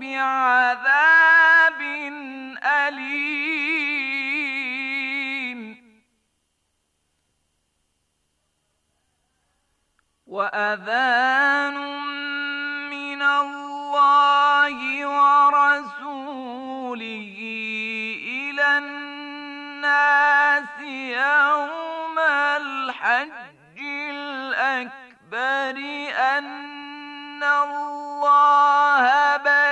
بعذاب أليم وأذان من الله ورسوله إلى الناس يوم الحج الأكبر أن الله بين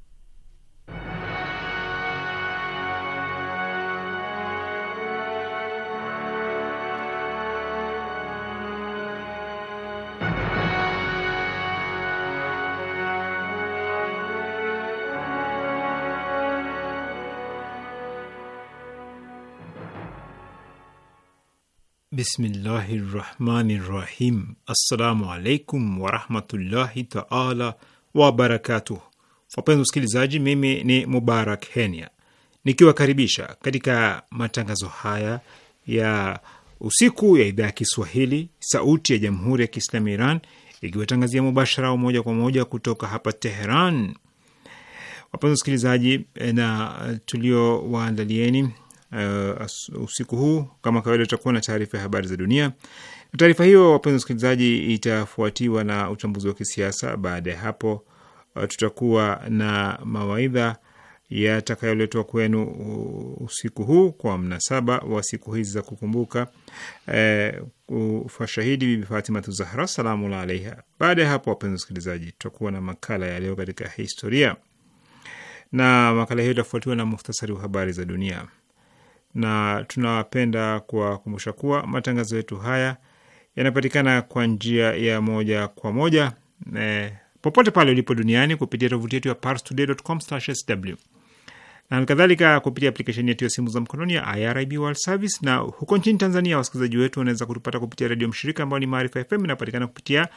Bismillahi rahmani rahim. Assalamu alaikum warahmatullahi taala wabarakatuh. Wapenzi usikilizaji, mimi ni Mubarak Henya nikiwakaribisha katika matangazo haya ya usiku ya idhaa ya Kiswahili sauti ya jamhuri ya Kiislamu ya Iran ikiwatangazia mubashara au moja kwa moja kutoka hapa Teheran. Wapenzi usikilizaji, eh, na tuliowaandalieni uh, usiku huu kama kawaida, tutakuwa na taarifa ya habari za dunia. Taarifa hiyo, wapenzi wasikilizaji, itafuatiwa na uchambuzi wa kisiasa. Baada ya hapo, uh, tutakuwa na mawaidha yatakayoletwa kwenu usiku huu kwa mnasaba wa siku hizi za kukumbuka eh, ufashahidi e, Bibi Fatima Tuzahra salamu alaiha. Baada ya hapo, wapenzi wasikilizaji, tutakuwa na makala ya leo katika historia, na makala hiyo itafuatiwa na muhtasari wa habari za dunia na tunapenda kuwakumbusha kuwa matangazo yetu haya yanapatikana kwa njia ya moja kwa moja e, popote pale ulipo duniani kupitia tovuti yetu ya parstoday.com/sw na halikadhalika kupitia aplikesheni yetu ya simu za mkononi ya IRIB World Service. Na huko nchini Tanzania, wasikilizaji wetu wanaweza kutupata kupitia redio mshirika ambayo ni Maarifa FM, inapatikana kupitia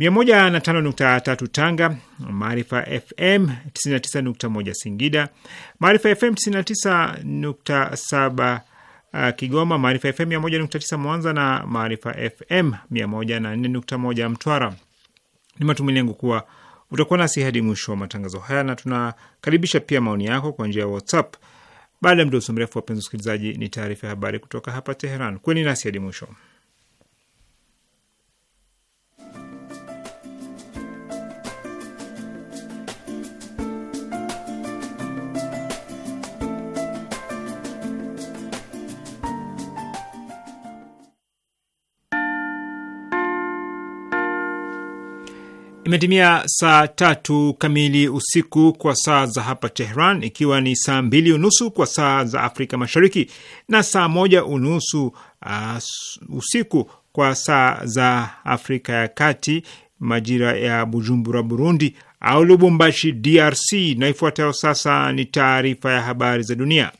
105.3 Tanga, Maarifa FM 99.1 Singida, Maarifa FM 99.7 uh, Kigoma, Maarifa FM 101.9 Mwanza na Maarifa FM 104.1 Mtwara. Ni matumaini yangu kuwa utakuwa nasi hadi mwisho wa matangazo haya, na tunakaribisha pia maoni yako kwa njia ya WhatsApp. Baada ya mdoso mrefu, wapenzi wasikilizaji, ni taarifa ya habari kutoka hapa Teheran. Kweni nasi hadi mwisho. Imetimia saa tatu kamili usiku kwa saa za hapa Tehran, ikiwa ni saa mbili unusu kwa saa za Afrika Mashariki na saa moja unusu uh, usiku kwa saa za Afrika ya Kati, majira ya Bujumbura, Burundi au Lubumbashi, DRC. Na ifuatayo sasa ni taarifa ya habari za dunia.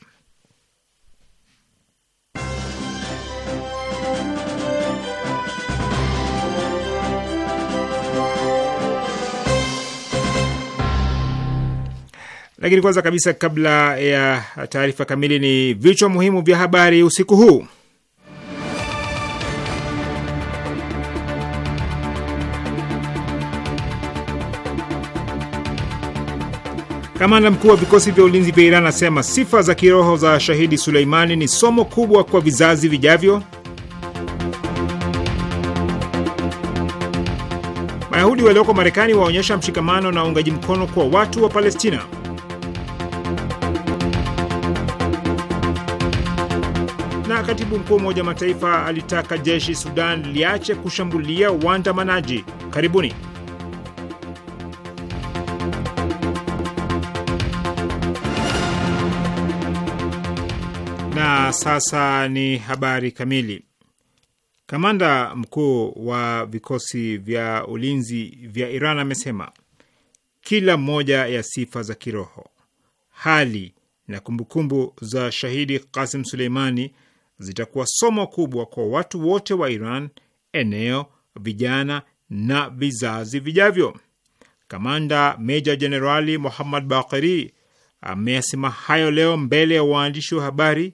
Lakini kwanza kabisa, kabla ya taarifa kamili, ni vichwa muhimu vya habari usiku huu. Kamanda mkuu wa vikosi vya ulinzi vya Iran anasema sifa za kiroho za shahidi Suleimani ni somo kubwa kwa vizazi vijavyo. Mayahudi walioko Marekani waonyesha mshikamano na uungaji mkono kwa watu wa Palestina. katibu mkuu wa Umoja wa Mataifa alitaka jeshi Sudan liache kushambulia waandamanaji. Karibuni. Na sasa ni habari kamili. Kamanda mkuu wa vikosi vya ulinzi vya Iran amesema kila moja ya sifa za kiroho, hali na kumbukumbu za shahidi Kasim Suleimani zitakuwa somo kubwa kwa watu wote wa Iran, eneo, vijana na vizazi vijavyo. Kamanda Meja Jenerali Muhammad Bakiri ameyasema hayo leo mbele ya waandishi wa habari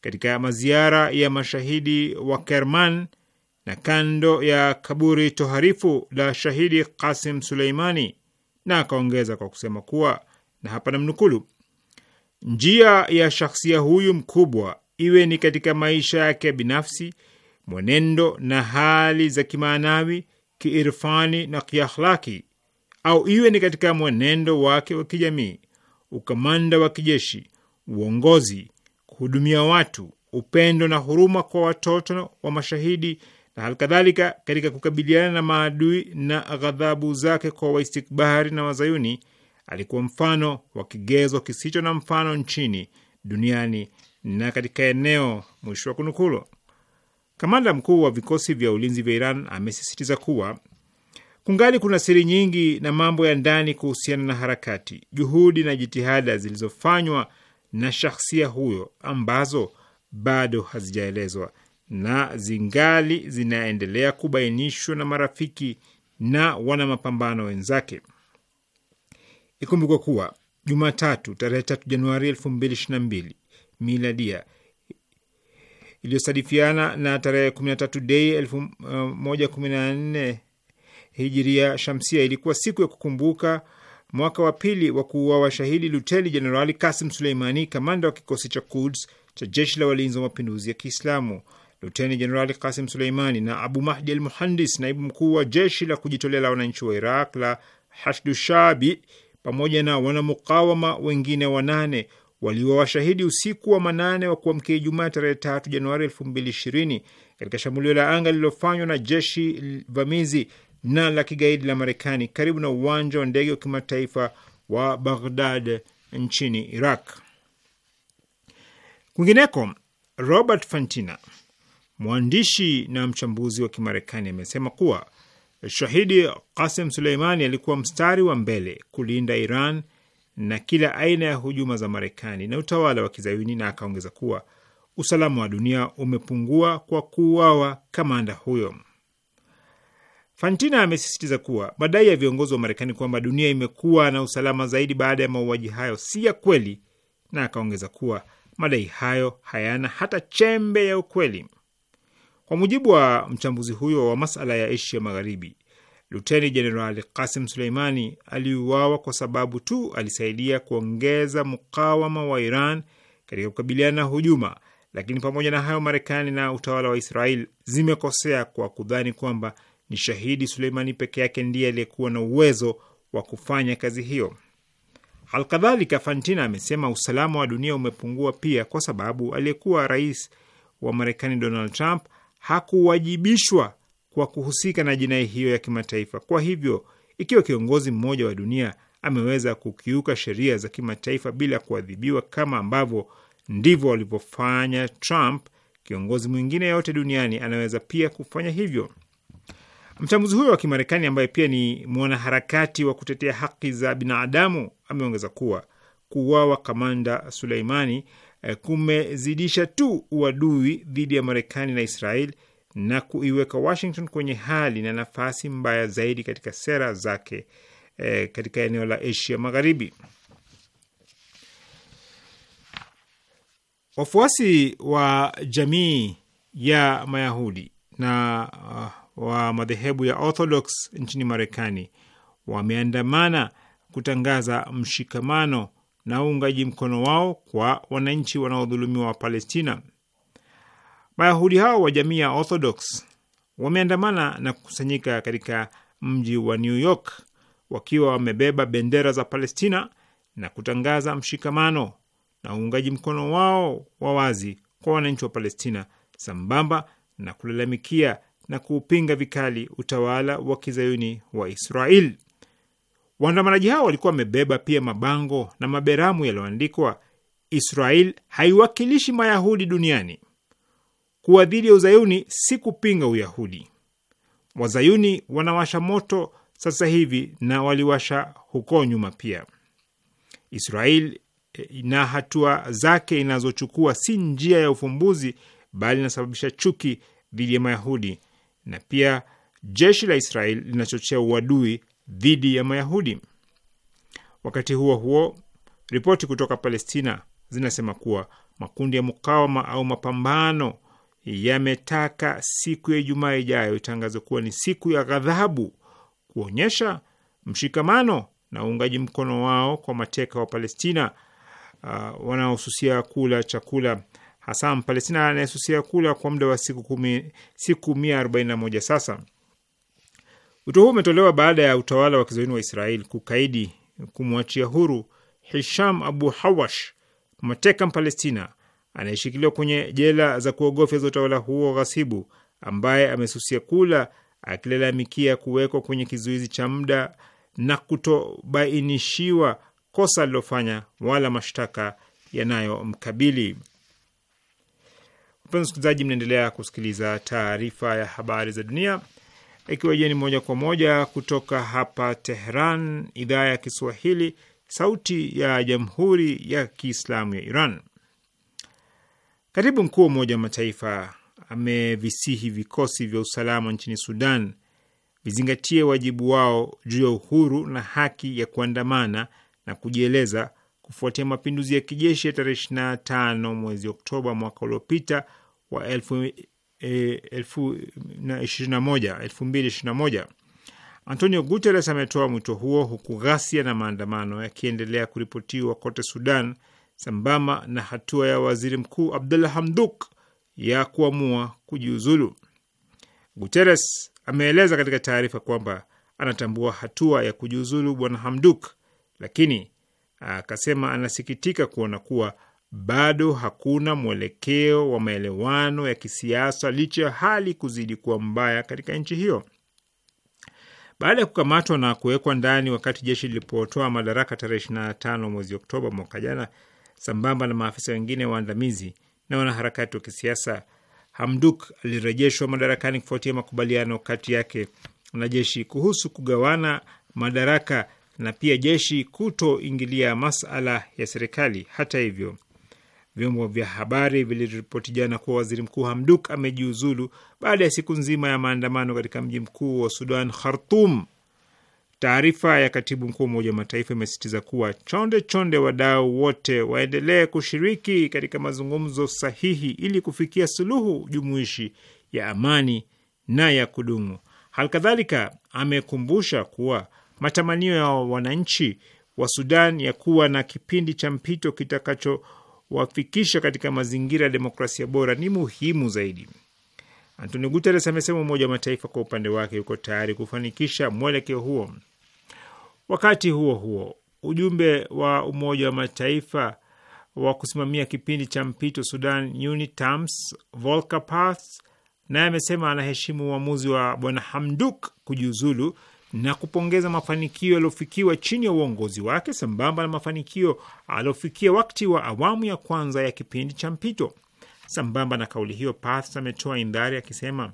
katika maziara ya mashahidi wa Kerman na kando ya kaburi toharifu la shahidi Kasim Suleimani, na akaongeza kwa kusema kuwa, na hapa namnukulu, njia ya shahsia huyu mkubwa iwe ni katika maisha yake ya binafsi, mwenendo na hali za kimaanawi, kiirfani na kiakhlaki, au iwe ni katika mwenendo wake wa kijamii, ukamanda wa kijeshi, uongozi, kuhudumia watu, upendo na huruma kwa watoto wa mashahidi na halikadhalika katika kukabiliana na maadui na ghadhabu zake kwa waistikbari na wazayuni, alikuwa mfano wa kigezo kisicho na mfano nchini, duniani na katika eneo, mwisho wa kunukulu. Kamanda mkuu wa vikosi vya ulinzi vya Iran amesisitiza kuwa kungali kuna siri nyingi na mambo ya ndani kuhusiana na harakati, juhudi na jitihada zilizofanywa na shahsia huyo ambazo bado hazijaelezwa na zingali zinaendelea kubainishwa na marafiki na wana mapambano wenzake. Ikumbukwe kuwa Jumatatu tarehe 3 Januari 2022 miladia iliyosadifiana na tarehe 13 Dei 1114 eh, hijiria shamsia. Ilikuwa siku ya kukumbuka mwaka wa pili wa kuuawa washahidi Luteni Jenerali Kasim Suleimani, kamanda wa kikosi cha Kuds cha jeshi la walinzi wa mapinduzi ya Kiislamu. Luteni Jenerali Kasim Suleimani na Abu Mahdi al Muhandis, naibu mkuu wa jeshi la kujitolea la wananchi wa Iraq la Hashdushabi, pamoja na wanamukawama wengine wanane waliwa washahidi usiku wa manane wa kuamkia Ijumaa tarehe tatu Januari elfu mbili ishirini katika shambulio la anga lililofanywa na jeshi vamizi na la kigaidi la Marekani karibu na uwanja wa ndege wa kimataifa wa Baghdad nchini Iraq. Kwingineko, Robert Fantina, mwandishi na mchambuzi wa Kimarekani, amesema kuwa shahidi Qasim Suleimani alikuwa mstari wa mbele kulinda Iran na kila aina ya hujuma za Marekani na utawala wa Kizayuni, na akaongeza kuwa usalama wa dunia umepungua kwa kuuawa kamanda huyo. Fantina amesisitiza kuwa madai ya viongozi wa Marekani kwamba dunia imekuwa na usalama zaidi baada ya mauaji hayo si ya kweli, na akaongeza kuwa madai hayo hayana hata chembe ya ukweli. Kwa mujibu wa mchambuzi huyo wa masala ya Asia Magharibi, Luteni Jenerali Kasim Suleimani aliuawa kwa sababu tu alisaidia kuongeza mukawama wa Iran katika kukabiliana na hujuma. Lakini pamoja na hayo, Marekani na utawala wa Israel zimekosea kwa kudhani kwamba ni shahidi Suleimani peke yake ndiye aliyekuwa na uwezo wa kufanya kazi hiyo. Alkadhalika, Fantina amesema usalama wa dunia umepungua pia kwa sababu aliyekuwa rais wa Marekani Donald Trump hakuwajibishwa kwa kuhusika na jinai hiyo ya kimataifa. Kwa hivyo, ikiwa kiongozi mmoja wa dunia ameweza kukiuka sheria za kimataifa bila kuadhibiwa kama ambavyo ndivyo walivyofanya Trump, kiongozi mwingine yote duniani anaweza pia kufanya hivyo. Mchambuzi huyo wa Kimarekani ambaye pia ni mwanaharakati wa kutetea haki za binadamu ameongeza kuwa kuuawa kamanda Suleimani eh, kumezidisha tu uadui dhidi ya Marekani na Israeli na kuiweka Washington kwenye hali na nafasi mbaya zaidi katika sera zake e, katika eneo la Asia Magharibi. Wafuasi wa jamii ya Mayahudi na uh, wa madhehebu ya Orthodox nchini Marekani wameandamana kutangaza mshikamano na uungaji mkono wao kwa wananchi wanaodhulumiwa wa Palestina. Mayahudi hao wa jamii ya Orthodox wameandamana na kukusanyika katika mji wa New York wakiwa wamebeba bendera za Palestina na kutangaza mshikamano na uungaji mkono wao wa wazi kwa wananchi wa Palestina sambamba na kulalamikia na kuupinga vikali utawala wa kizayuni wa Israel. Waandamanaji hao walikuwa wamebeba pia mabango na maberamu yaliyoandikwa Israel haiwakilishi Mayahudi duniani kuwa dhidi ya uzayuni si kupinga Uyahudi. Wazayuni wanawasha moto sasa hivi na waliwasha huko nyuma pia. Israel eh, na hatua zake inazochukua si njia ya ufumbuzi, bali inasababisha chuki dhidi ya Mayahudi, na pia jeshi la Israel linachochea uadui dhidi ya Mayahudi. Wakati huo huo, ripoti kutoka Palestina zinasema kuwa makundi ya mukawama au mapambano yametaka siku ya Ijumaa ijayo itangazwe kuwa ni siku ya ghadhabu kuonyesha mshikamano na uungaji mkono wao kwa mateka wa Palestina uh, wanaosusia kula chakula hasa Mpalestina anayesusia kula kwa muda wa siku kumi, siku mia arobaini na moja sasa. Wito huu umetolewa baada ya utawala wa kizoini wa Israeli kukaidi kumwachia huru Hisham Abu Hawash, mateka Mpalestina anayeshikiliwa kwenye jela za kuogofya za utawala huo ghasibu, ambaye amesusia kula, akilalamikia kuwekwa kwenye kizuizi cha muda na kutobainishiwa kosa alilofanya wala mashtaka yanayomkabili. Mpenzi msikilizaji, mnaendelea kusikiliza taarifa ya habari za dunia ikiwa jeni moja kwa moja kutoka hapa Tehran, idhaa ya Kiswahili, sauti ya jamhuri ya kiislamu ya Iran. Katibu mkuu wa Umoja wa Mataifa amevisihi vikosi vya usalama nchini Sudan vizingatie wajibu wao juu ya uhuru na haki ya kuandamana na kujieleza kufuatia mapinduzi ya kijeshi ya tarehe 25 mwezi Oktoba mwaka uliopita wa 2021. E, Antonio Guterres ametoa mwito huo huku ghasia na maandamano yakiendelea kuripotiwa kote Sudan sambamba na hatua ya waziri mkuu Abdul Hamduk ya kuamua kujiuzulu. Guterres ameeleza katika taarifa kwamba anatambua hatua ya kujiuzulu bwana Hamduk, lakini akasema anasikitika kuona kuwa bado hakuna mwelekeo wa maelewano ya kisiasa licha ya hali kuzidi kuwa mbaya katika nchi hiyo. Baada ya kukamatwa na kuwekwa ndani wakati jeshi lilipotoa madaraka tarehe 25 mwezi Oktoba mwaka jana, sambamba na maafisa wengine waandamizi na wanaharakati wa kisiasa. Hamduk alirejeshwa madarakani kufuatia makubaliano kati yake na jeshi kuhusu kugawana madaraka na pia jeshi kutoingilia masala ya serikali. Hata hivyo, vyombo vya habari viliripoti jana kuwa waziri mkuu Hamduk amejiuzulu baada ya siku nzima ya maandamano katika mji mkuu wa Sudan, Khartum. Taarifa ya katibu mkuu wa Umoja wa Mataifa imesisitiza kuwa chonde chonde, wadau wote waendelee kushiriki katika mazungumzo sahihi ili kufikia suluhu jumuishi ya amani na ya kudumu. Halikadhalika, amekumbusha kuwa matamanio ya wananchi wa Sudan ya kuwa na kipindi cha mpito kitakachowafikisha katika mazingira ya demokrasia bora ni muhimu zaidi. Antonio Guterres amesema Umoja wa Mataifa kwa upande wake yuko tayari kufanikisha mwelekeo huo. Wakati huo huo, ujumbe wa Umoja wa Mataifa wa kusimamia kipindi cha mpito Sudan UNITAMS Volker Perthes naye amesema anaheshimu uamuzi wa Bwana Hamduk kujiuzulu na kupongeza mafanikio yaliyofikiwa chini ya uongozi wake sambamba na mafanikio aliyofikia wakati wa awamu ya kwanza ya kipindi cha mpito. Sambamba na kauli hiyo, Perthes ametoa indhari akisema,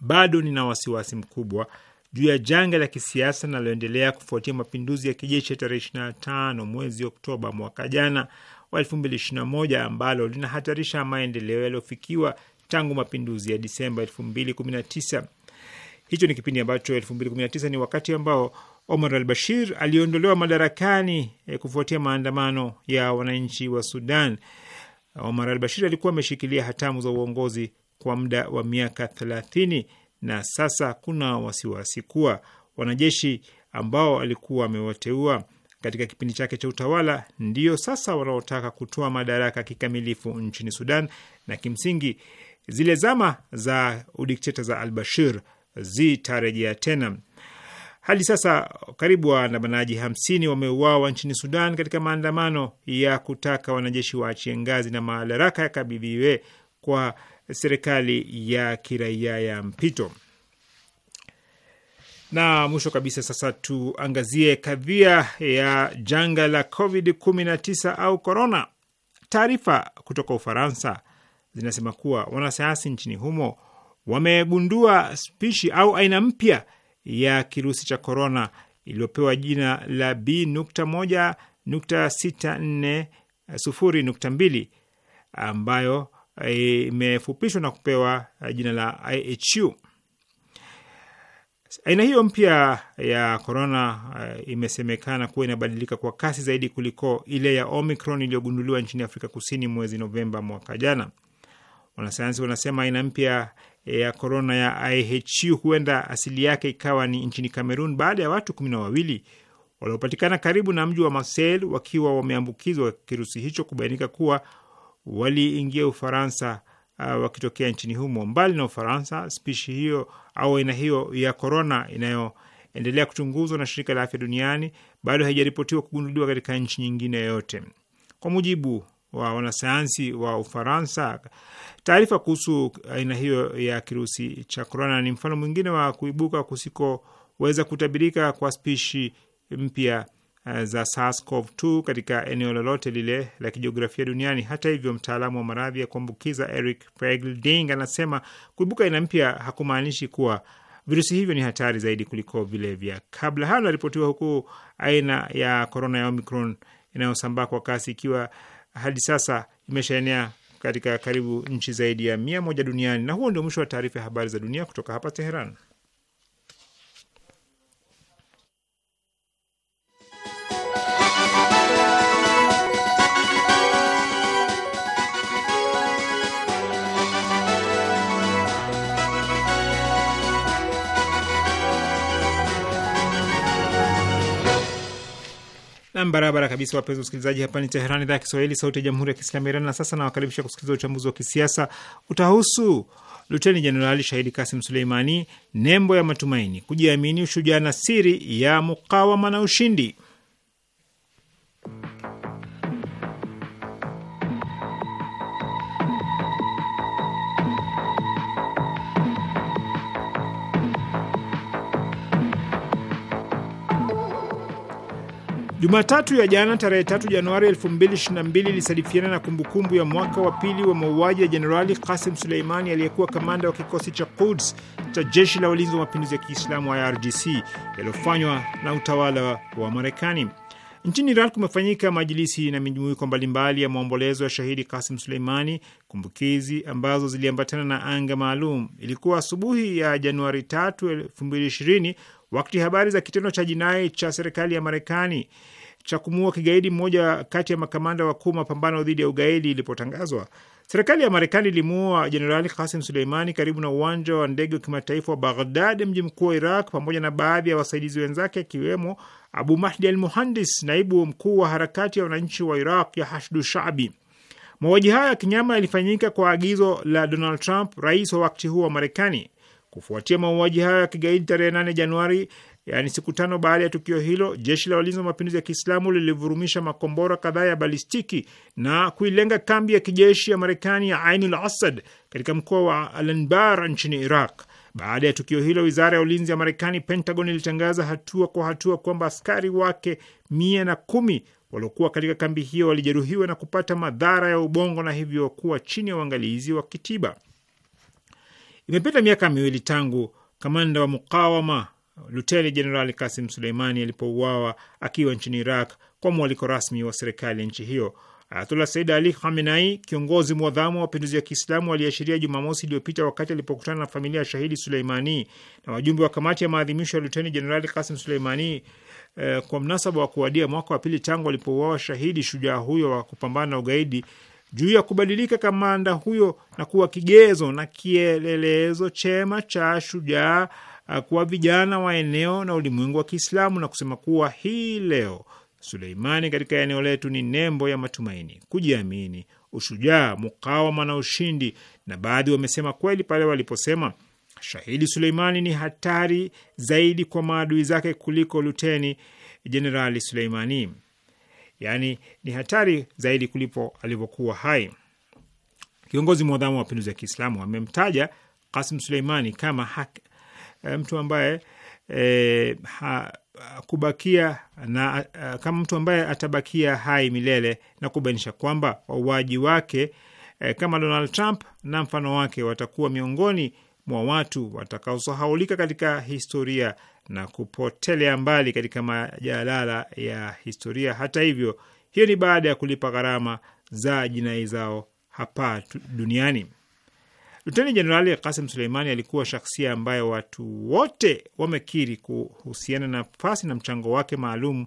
bado nina wasiwasi mkubwa juu ya janga la kisiasa linaloendelea kufuatia mapinduzi ya kijeshi ya tarehe 25 mwezi Oktoba mwaka jana wa 2021 ambalo linahatarisha maendeleo yaliyofikiwa tangu mapinduzi ya Disemba 2019. Hicho ni kipindi ambacho 2019 ni wakati ambao Omar al Bashir aliondolewa madarakani eh, kufuatia maandamano ya wananchi wa Sudan. Omar al Bashir alikuwa ameshikilia hatamu za uongozi kwa muda wa miaka thelathini na sasa kuna wasiwasi kuwa wanajeshi ambao alikuwa amewateua katika kipindi chake cha utawala ndiyo sasa wanaotaka kutoa madaraka kikamilifu nchini Sudan, na kimsingi zile zama za udikteta za al-Bashir zitarejea tena. Hadi sasa karibu waandamanaji hamsini wameuawa nchini Sudan katika maandamano ya kutaka wanajeshi waachie ngazi na madaraka yakabidhiwe kwa serikali ya kiraia ya mpito. Na mwisho kabisa, sasa tuangazie kadhia ya janga la COVID-19 au corona. Taarifa kutoka Ufaransa zinasema kuwa wanasayansi nchini humo wamegundua spishi au aina mpya ya kirusi cha korona iliyopewa jina la B.1.640.2 ambayo Eh, imefupishwa na kupewa eh, jina la IHU. Aina hiyo mpya ya korona eh, imesemekana kuwa inabadilika kwa kasi zaidi kuliko ile ya Omicron iliyogunduliwa nchini Afrika Kusini mwezi Novemba mwaka jana. Wanasayansi wanasema aina mpya ya korona ya IHU huenda asili yake ikawa ni nchini Kamerun baada ya watu kumi na wawili waliopatikana karibu na mji wa Marseille wakiwa wameambukizwa kirusi hicho kubainika kuwa waliingia Ufaransa uh, wakitokea nchini humo. Mbali na Ufaransa, spishi hiyo au aina hiyo ya korona inayoendelea kuchunguzwa na shirika la afya duniani bado haijaripotiwa kugunduliwa katika nchi nyingine yoyote, kwa mujibu wa wanasayansi wa Ufaransa. Taarifa kuhusu aina hiyo ya kirusi cha korona ni mfano mwingine wa kuibuka kusikoweza kutabirika kwa spishi mpya Eh, za SARS-CoV-2 katika eneo lolote lile la kijiografia duniani. Hata hivyo, mtaalamu wa maradhi ya kuambukiza Eric Pegleding anasema kuibuka aina mpya hakumaanishi kuwa virusi hivyo ni hatari zaidi kuliko vile vya kabla. Hayo inaripotiwa huku aina ya korona ya Omicron inayosambaa kwa kasi ikiwa hadi sasa imeshaenea katika karibu nchi zaidi ya mia moja duniani. Na huo ndio mwisho wa taarifa ya habari za dunia kutoka hapa Teheran. Nam barabara kabisa, wapenzi wasikilizaji, hapa ni Teherani, idhaa ya Kiswahili, sauti ya jamhuri ya kiislamu ya Iran. Na sasa nawakaribisha kusikiliza uchambuzi wa kisiasa utahusu Luteni Jenerali Shahidi Kasim Suleimani, nembo ya matumaini, kujiamini, ushujaa na siri ya mukawama na ushindi. Jumatatu ya jana tarehe 3 Januari 2022 ilisadifiana na kumbukumbu ya mwaka wa pili wa mauaji ya Jenerali Kasim Suleimani aliyekuwa kamanda wa kikosi cha Quds cha jeshi la walinzi wa mapinduzi ya Kiislamu IRGC yaliyofanywa na utawala wa Marekani. Nchini Iran kumefanyika majilisi na mijumuiko mbalimbali ya maombolezo ya shahidi Kasim Suleimani, kumbukizi ambazo ziliambatana na anga maalum. Ilikuwa asubuhi ya Januari 3, 2020 Wakati habari za kitendo cha jinai cha serikali ya Marekani cha kumuua kigaidi mmoja kati ya makamanda wakuu mapambano dhidi ya ugaidi ilipotangazwa, serikali ya Marekani ilimuua Jenerali Kasim Suleimani karibu na uwanja wa ndege wa kimataifa wa Baghdad, mji mkuu wa Iraq, pamoja na baadhi ya wasaidizi wenzake akiwemo Abu Mahdi al Muhandis, naibu mkuu wa harakati ya wananchi wa Iraq ya Hashdu Shabi. Mauaji hayo ya kinyama yalifanyika kwa agizo la Donald Trump, rais wa wakati huo wa Marekani. Kufuatia mauaji hayo ya kigaidi tarehe 8 Januari, yaani siku tano baada ya tukio hilo, jeshi la walinzi wa mapinduzi ya Kiislamu lilivurumisha makombora kadhaa ya balistiki na kuilenga kambi ya kijeshi ya Marekani ya Ainul Asad katika mkoa wa alanbar nchini Iraq. Baada ya tukio hilo, wizara ya ulinzi ya Marekani, Pentagon, ilitangaza hatua kwa hatua kwamba askari wake mia na kumi waliokuwa katika kambi hiyo walijeruhiwa na kupata madhara ya ubongo na hivyo kuwa chini ya uangalizi wa kitiba. Imepita miaka miwili tangu kamanda wa mukawama Luteni Jenerali Kasim Suleimani alipouawa akiwa nchini Iraq kwa mwaliko rasmi wa serikali ya nchi hiyo. Ayatullah Said Ali Khamenai, kiongozi mwadhamu wa mapinduzi ya Kiislamu, aliashiria Jumamosi iliyopita wakati alipokutana na familia ya shahidi Suleimani na wajumbe wa kamati ya maadhimisho ya Luteni Jenerali Kasim Suleimani eh, kwa mnasaba wa kuadia mwaka wa pili tangu alipouawa shahidi shujaa huyo wa kupambana na ugaidi juu ya kubadilika kamanda huyo na kuwa kigezo na kielelezo chema cha shujaa uh, kwa vijana wa eneo na ulimwengu wa Kiislamu na kusema kuwa hii leo Suleimani katika eneo letu ni nembo ya matumaini, kujiamini, ushujaa, mukawama na ushindi. Na baadhi wamesema kweli pale waliposema shahidi Suleimani ni hatari zaidi kwa maadui zake kuliko luteni jenerali Suleimani yaani ni hatari zaidi kulipo alivyokuwa hai. Kiongozi mwadhamu wa mapinduzi ya Kiislamu amemtaja Kasim Suleimani kama haki, eh, mtu ambaye e, ha, kubakia na eh, kama mtu ambaye atabakia hai milele na kubainisha kwamba wauaji wake e, kama Donald Trump na mfano wake watakuwa miongoni mwa watu watakaosahaulika katika historia na kupotelea mbali katika majalala ya historia. Hata hivyo, hiyo ni baada ya kulipa gharama za jinai zao hapa duniani. Luteni Jenerali Kasim Suleimani alikuwa shaksia ambaye watu wote wamekiri kuhusiana na nafasi na mchango wake maalum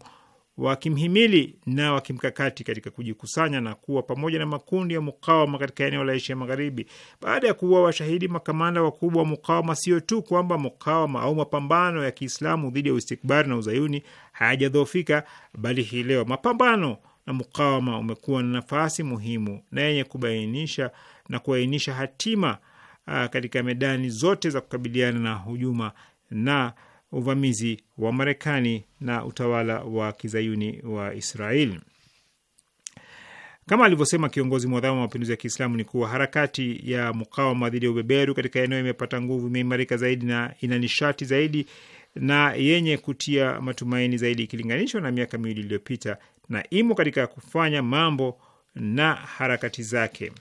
wakimhimili na wakimkakati katika kujikusanya na kuwa pamoja na makundi ya mukawama katika eneo la Asia Magharibi. Baada ya kuwa washahidi makamanda wakubwa wa mukawama, sio tu kwamba mukawama au mapambano ya Kiislamu dhidi ya uistikbari na uzayuni hayajadhoofika, bali hii leo mapambano na mukawama umekuwa na nafasi muhimu na yenye kubainisha na kuainisha hatima ah, katika medani zote za kukabiliana na hujuma na uvamizi wa Marekani na utawala wa kizayuni wa Israeli. Kama alivyosema kiongozi mwadhamu wa mapinduzi ya Kiislamu ni kuwa harakati ya mukawama dhidi ya ubeberu katika eneo imepata nguvu, imeimarika zaidi na ina nishati zaidi na yenye kutia matumaini zaidi ikilinganishwa na miaka miwili iliyopita, na imo katika kufanya mambo na harakati zake.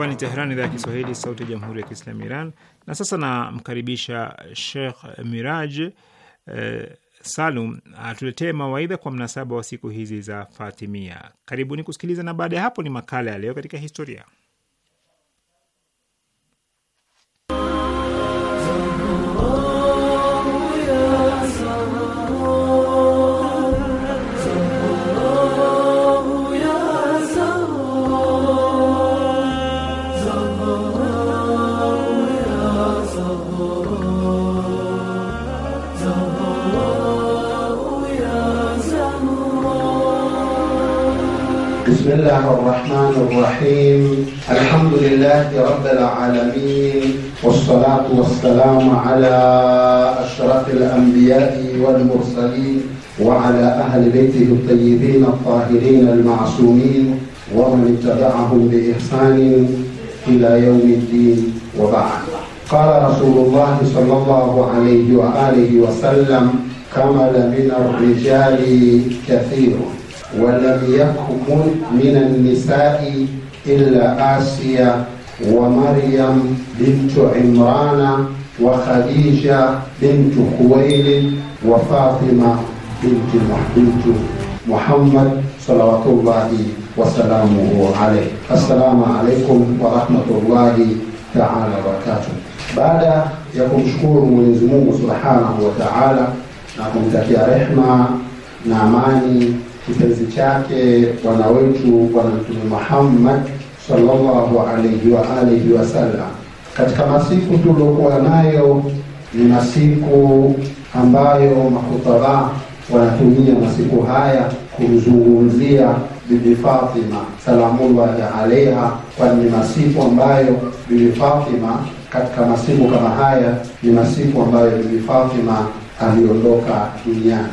Hapa ni Teherani, idhaa ya Kiswahili, sauti ya jamhuri ya kiislamu Iran. Na sasa namkaribisha Shekh Miraj eh, Salum atuletee mawaidha kwa mnasaba wa siku hizi za Fatimia. Karibuni kusikiliza, na baada ya hapo ni makala ya leo katika historia. بسم الله الرحمن الرحيم الحمد لله رب العالمين والصلاة والسلام على أشرف الأنبياء والمرسلين وعلى أهل بيته الطيبين الطاهرين المعصومين ومن اتبعهم بإحسان إلى يوم الدين وبعد قال رسول الله صلى الله عليه وآله وسلم كمل من الرجال كثير ولم يكن من النساء إلا آسيا ومريم بنت عمران وخديجة بنت خويلد وفاطمة بنت بنت محمد صلوات الله وسلامه عليه السلام عليكم ورحمة الله تعالى وبركاته بعد يكون شكور من Mungu Subhanahu wa Ta'ala na kumtakia kipenzi chake bwana wetu bwana mtume Muhammad sallallahu alaihi wa alihi wasallam. Katika masiku tuliokuwa nayo ni masiku ambayo mahutaba wanatumia masiku haya kumzungumzia Bibi Fatima salamullahi alaiha, kwani ni masiku ambayo Bibi Fatima, katika masiku kama haya ni masiku ambayo Bibi Fatima aliondoka duniani.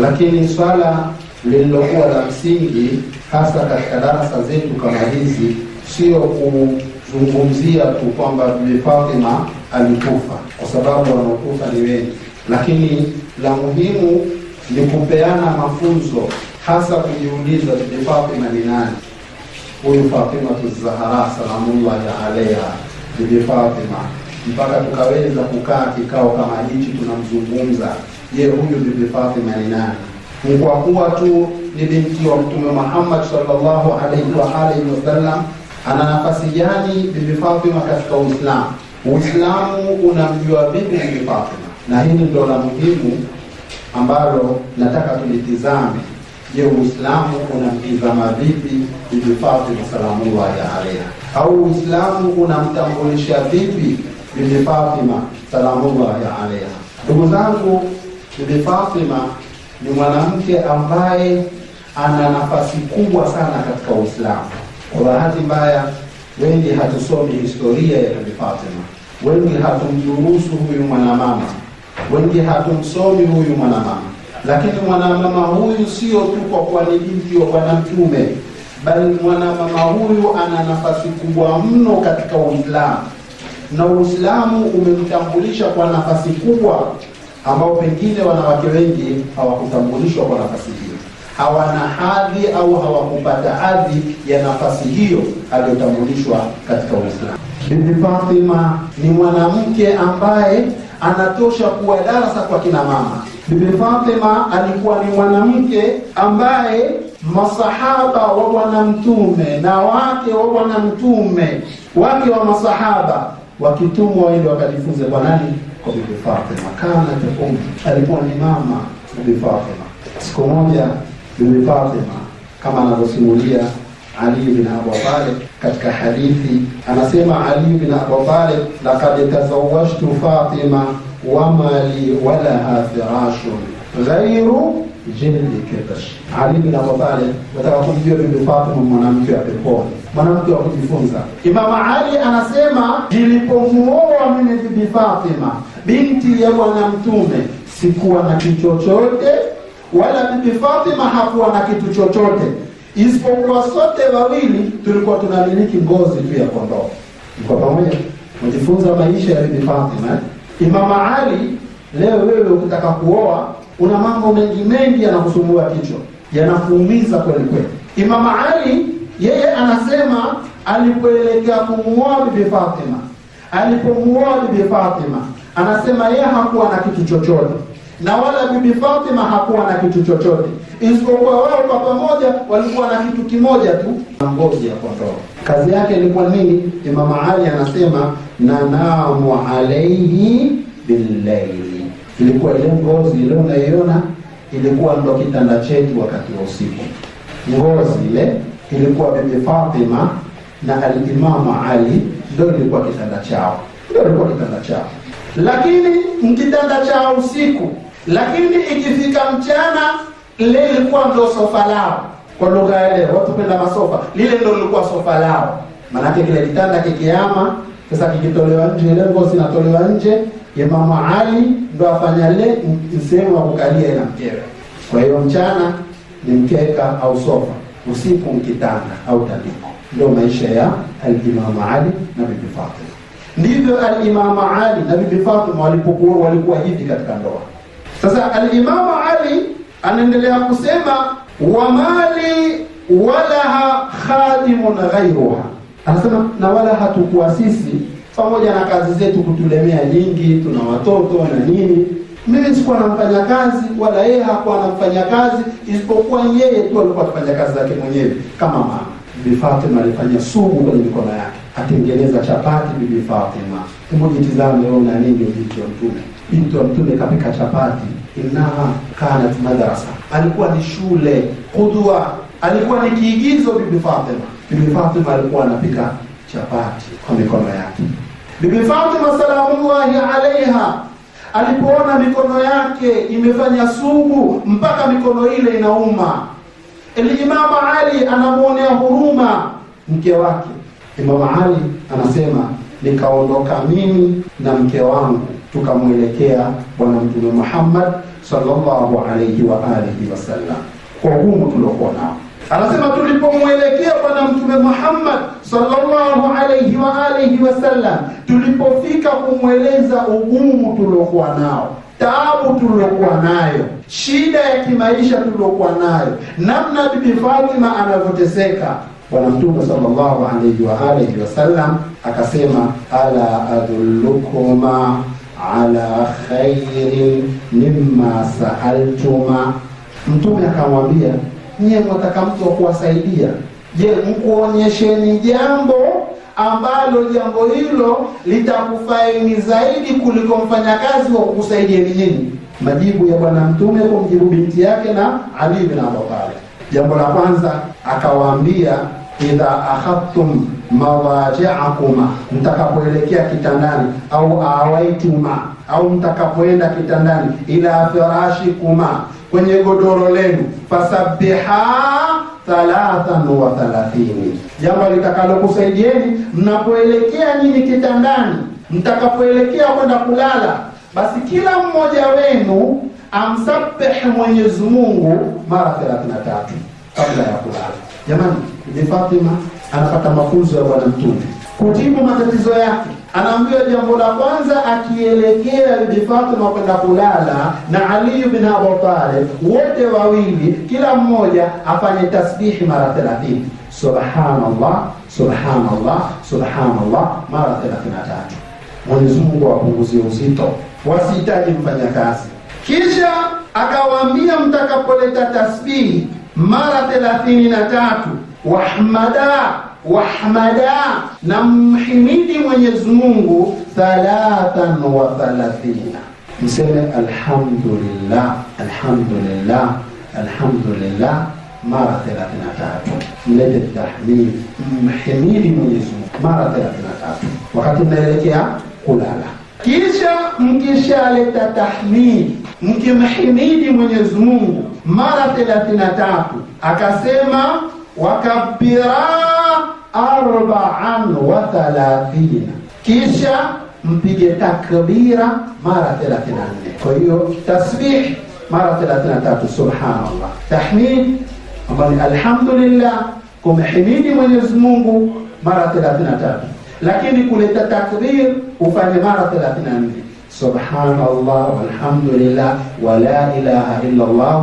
Lakini swala lililokuwa la msingi hasa katika darasa zetu kama hizi sio kuzungumzia tu kwamba Bibi Fatima alikufa, kwa sababu wanaokufa ni wengi, lakini la muhimu ni kupeana mafunzo, hasa kujiuliza Bibi Fatima ni nani? Huyu Fatima Zahara salamullahi alaiha, Bibi Fatima, mpaka tukaweza kukaa kikao kama hichi tunamzungumza. Je, huyu Bibi Fatima ni nani? ni kwa kuwa tu ni binti wa Mtume Muhammad sallallahu alaihi wa alihi wasallam. Ana nafasi gani Bibi Fatima katika Uislamu? Uislamu unamjua vipi Bibi Fatima? Na hili ndio la muhimu ambalo nataka tulitizame. Je, Uislamu unamtizama vipi Bibi Fatima salamullahi alaiha? Au Uislamu unamtambulisha vipi Bibi Fatima salamullahi alaiha? Ndugu zangu, Bibi Fatima ni mwanamke ambaye ana nafasi kubwa sana katika Uislamu. Kwa bahati mbaya, wengi hatusomi historia ya Bibi Fatima, wengi hatumdurusu huyu mwanamama, wengi hatumsomi huyu mwanamama. Lakini mwanamama huyu sio tu kwa kuwa ni binti wa Bwana Mtume, bali mwanamama huyu ana nafasi kubwa mno katika Uislamu, na Uislamu umemtambulisha kwa nafasi kubwa ambao pengine wanawake wengi hawakutambulishwa kwa nafasi hiyo, hawana hadhi au hawakupata hadhi ya nafasi hiyo aliyotambulishwa katika Uislamu. Bibi Fatima ni mwanamke ambaye anatosha kuwa darasa kwa kina mama. Bibi Fatima alikuwa ni mwanamke ambaye masahaba wa Bwana Mtume na wake wa Bwana Mtume, wake wa masahaba wakitumwa waende wakajifunze kwa nani? kwa Bibi Fatima, kana takun, alikuwa ni mama Bibi Fatima. Siku moja Bibi Fatima kama anavyosimulia Ali bin Abi Talib katika hadithi, anasema Ali bin Abi Talib, laqad tazawwajtu Fatima wama li walaha firashun ghairu jildi kibash. Ali bin Abi Talib wataka kumjua Bibi Fatima mwanamke wa peponi, mwanamke wa kujifunza. Imam Ali anasema nilipomuoa mimi Bibi Fatima binti ya Bwana Mtume sikuwa na kitu chochote, wala Bibi Fatima hakuwa na kitu chochote, isipokuwa sote wawili tulikuwa tunamiliki ngozi tu ya kondoo. Kwa pamoja mjifunza maisha ya Bibi Fatima eh? Imama Ali, leo wewe ukitaka kuoa una mambo mengi mengi yanakusumbua kichwa, yanakuumiza kweli kweli. Imama Ali yeye anasema alipoelekea kumuoa Bibi Fatima, alipomuoa Bibi Fatima anasema yeye hakuwa na kitu chochote na wala bibi Fatima hakuwa na kitu chochote isipokuwa wao kwa pamoja walikuwa na kitu kimoja tu, ngozi ya kondoo. Kazi yake ilikuwa nini? Imam Ali anasema nanamu alaihi billaili, ilikuwa ile ngozi ile unaiona ilikuwa ndo kitanda chetu wakati wa usiku. Ngozi ile ilikuwa bibi Fatima na alimamu Ali ndo ilikuwa kitanda chao, ndo ilikuwa kitanda chao lakini mkitanda cha usiku, lakini ikifika mchana lile lilikuwa ndio sofa lao. Kwa lugha ya leo watu penda masofa, lile ndio lilikuwa sofa lao. Maanake kile kitanda kikiama sasa, kikitolewa nje, ile ngozi inatolewa nje, Imamu Ali ndo afanya le sehemu ya kukalia ina mkeka. Kwa hiyo mchana ni mkeka au sofa, usiku mkitanda au tandiko. Ndio maisha ya Alimamu Ali na Bibi Fatima. Ndivyo alimama Ali na bibi Fatuma walipokuwa walikuwa hivi katika ndoa. Sasa alimama Ali anaendelea kusema wa mali walaha khadimun ghairuha, anasema na wala hatukuwa sisi pamoja na kazi zetu kutulemea nyingi, tuna watoto na nini. Mimi sikuwa namfanya kazi wala yeye hakuwa anamfanya kazi, isipokuwa yeye tu alikuwa akifanya kazi zake mwenyewe kama mama. Bibi Fatima alifanya sumu kwenye mikono yake atengeneza chapati bibi Fatima. Hebu nitizame ona nini binti wa mtume. Binti wa mtume kapika chapati, innaha kanat madrasa, alikuwa ni shule kudwa, alikuwa ni kiigizo bibi Fatima. Bibi Fatima alikuwa anapika chapati kwa mikono yake. Bibi Fatima salamullahi alaiha alipoona mikono yake imefanya sugu mpaka mikono ile inauma, Imam Ali anamuonea huruma mke wake Imam Ali anasema nikaondoka mimi na mke wangu tukamwelekea Bwana Mtume Muhammad sallallahu alayhi wa alihi wasallam kwa ugumu tuliokuwa nao. Anasema tulipomwelekea Bwana Mtume Muhammad sallallahu alayhi wa alihi wasallam, tulipofika kumweleza ugumu tuliokuwa nao, taabu tuliokuwa nayo, shida ya kimaisha tuliokuwa nayo, namna Bibi Fatima anavyoteseka Bwana Mtume sallallahu alaihi wa alihi wasallam akasema, ala adhullukuma ala khairin mimma saaltuma. Mtume akamwambia, nyie mwataka mtu wa kuwasaidia, je, mkuonyesheni jambo ambalo jambo hilo litakufaini zaidi kuliko mfanyakazi wa kukusaidia nyinyi? Majibu ya Bwana Mtume kumjibu binti yake na Ali bin Abi Talib Jambo la kwanza akawaambia, idha akhadtum mawaji'akuma, mtakapoelekea kitandani, au awaituma, au mtakapoenda kitandani, ila firashikuma, kwenye godoro lenu, fasabiha thalathan wa thalathini, jambo litakalokusaidieni mnapoelekea nyinyi kitandani, mtakapoelekea kwenda kulala, basi kila mmoja wenu amsabihe Mwenyezi Mungu mara 33 kabla ya kulala. Jamani, ni Fatima anapata mafunzo ya Bwana Mtume kutibu matatizo yake. Anaambiwa jambo la kwanza, akielekea Bibi Fatima kwenda kulala na Ali bin Abi Talib, wote wawili, kila mmoja afanye tasbihi mara 30 subhanallah subhanallah subhanallah mara 33. Mwenyezi Mungu apunguzie uzito, wasihitaji mfanyakazi. Kisha akawaambia mtakapoleta tasbihi mara thelathini na tatu wahmada wahmada na mhimidi mwenyezi mungu thalathan wa thalathina mseme alhamdulillah alhamdulillah alhamdulillah mara na tatu mlete tahmid mhimidi mwenyezi mungu mara tatu wakati mnaelekea kulala kisha mkishaleta tahmidi mkimhimidi Mwenyezi Mungu mara 33 akasema wakabira arba'an wa thalathina kisha mpige takbira mara nne kwa hiyo tasbih mara tatu subhanallah tahmid ambayo alhamdulillah kumhimidi Mwenyezi Mungu mara tatu lakini kuleta takbir ufanye mara 34 subhanallah walhamdulillah wala ilaha illallah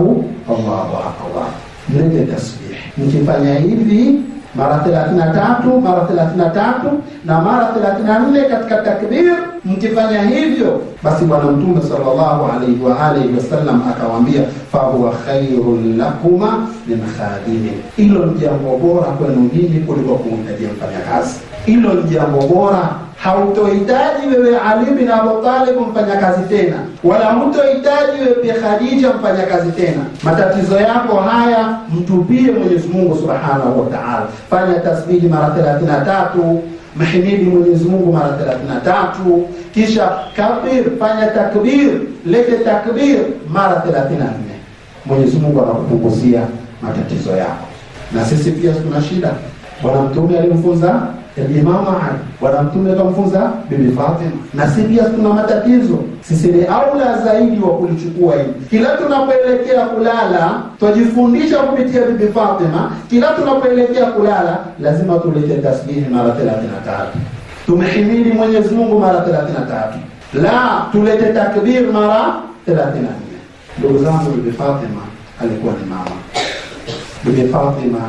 allahu akbar mlete tasbih mkifanya hivi mara 33 mara 33 na mara 34 katika takbir mkifanya hivyo basi bwana mtume sallallahu alaihi wa alihi wasallam akawaambia fahuwa khairun lakuma min khadimi ilo ni jambo bora kwenu nyinyi kuliko kumtajia mfanya kazi hilo ni jambo bora. Hautohitaji wewe Ali bin Abi Talib mfanya kazi tena, wala hutohitaji wewe Khadija mfanya kazi tena. Matatizo yako haya mtupie Mwenyezi Mungu Subhanahu wa Ta'ala. Fanya tasbihi mara 33, mhimidi Mwenyezi Mungu mara 33, kisha kabir, fanya takbir, lete takbir mara 34. Mwenyezi Mungu anakupunguzia matatizo yako. Na sisi pia tuna shida. Bwana Mtume alimfunza Mama Ali, bwana mtume kamfunza bibi Fatima. Na si pia tuna matatizo sisi, ni aula zaidi wa kulichukua hili. Kila tunapoelekea kulala, twajifundisha kupitia bibi Fatima. Kila tunapoelekea kulala, lazima tulete tasbihi mara 33, tumhimidi Mwenyezi Mungu mara 33, la tulete takbir mara 34. Ndugu zangu, bibi Fatima alikuwa ni mama, bibi Fatima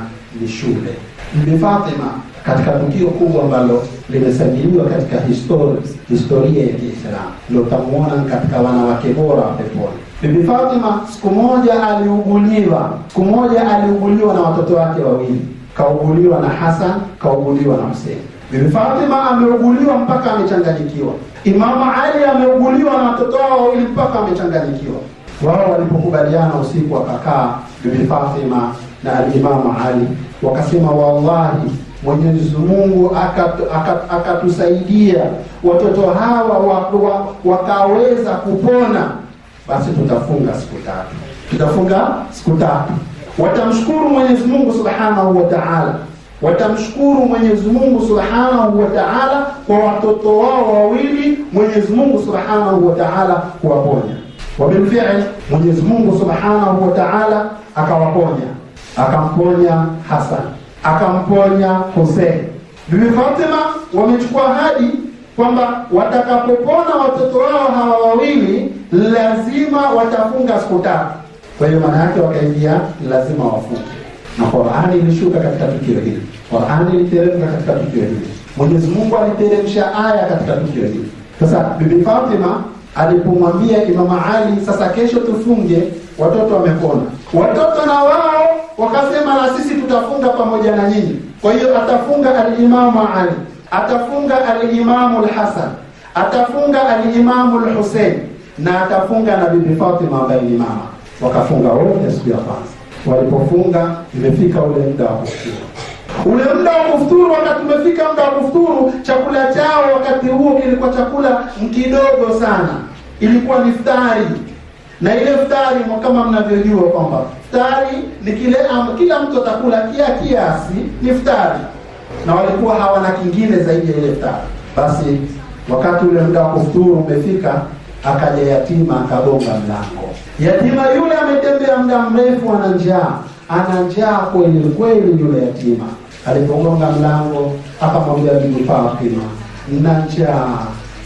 ni shule, bibi Fatima katika tukio kubwa ambalo limesajiliwa katika histori, historia ya Kiislamu lotamwona katika wanawake bora wa peponi. Bibi Fatima siku moja aliuguliwa, siku moja aliuguliwa na watoto wake wawili, kauguliwa na Hasan, kauguliwa na Husein. Bibi Fatima ameuguliwa mpaka amechanganyikiwa. Imamu Ali ameuguliwa na watoto wao wawili mpaka amechanganyikiwa. Wao walipokubaliana usiku, wakakaa Bibi Fatima na Alimamu Ali wakasema, wallahi Mwenyezi Mungu akatusaidia aka, aka watoto hawa wakaweza kupona, basi tutafunga siku tatu, tutafunga siku tatu. Watamshukuru Mwenyezi Mungu Subhanahu wa Ta'ala, watamshukuru Mwenyezi Mungu Subhanahu wa Ta'ala kwa watoto wao wawili, Mwenyezi Mungu Subhanahu wa Ta'ala kuwaponya. Wabilfiili, Mwenyezi Mungu Subhanahu wa Ta'ala akawaponya, akamponya Hasan akamponya Hosea. Bibi Fatima wamechukua ahadi kwamba watakapopona watoto wao hawa wawili lazima watafunga siku tatu. Kwa hiyo maana yake wakaingia lazima wafunge, na Qur'ani ilishuka katika tukio hili, Qur'ani iliteremka katika tukio hili, Mwenyezi Mungu aliteremsha aya katika tukio hili. Sasa Bibi Fatima alipomwambia Imam Ali, sasa kesho tufunge, watoto wamepona, watoto na wao wakasema na sisi tutafunga pamoja na nyinyi. Kwa hiyo atafunga alimamu Ali, atafunga alimamu Lhasan, atafunga alimamu Lhusein na atafunga na bibi Fatima bailimama Wakafunga wote siku ya kwanza. Walipofunga imefika ule muda wa kufuturu, ule muda wa kufuturu. Wakati umefika muda wa kufuturu, chakula chao wakati huo kilikuwa chakula kidogo sana, ilikuwa ni na ile ftari kama mnavyojua kwamba Iftari ni kile am, kila mtu atakula kia kiasi iftari, na walikuwa hawana kingine zaidi ya ile iftari. Basi wakati ule muda wa kufuturu umefika, akaja yatima akagonga mlango. Yatima yule ametembea muda mrefu, ana njaa, ana njaa kweli kweli. Yule yatima alipogonga mlango akamwambia Bibi Fatima, na njaa,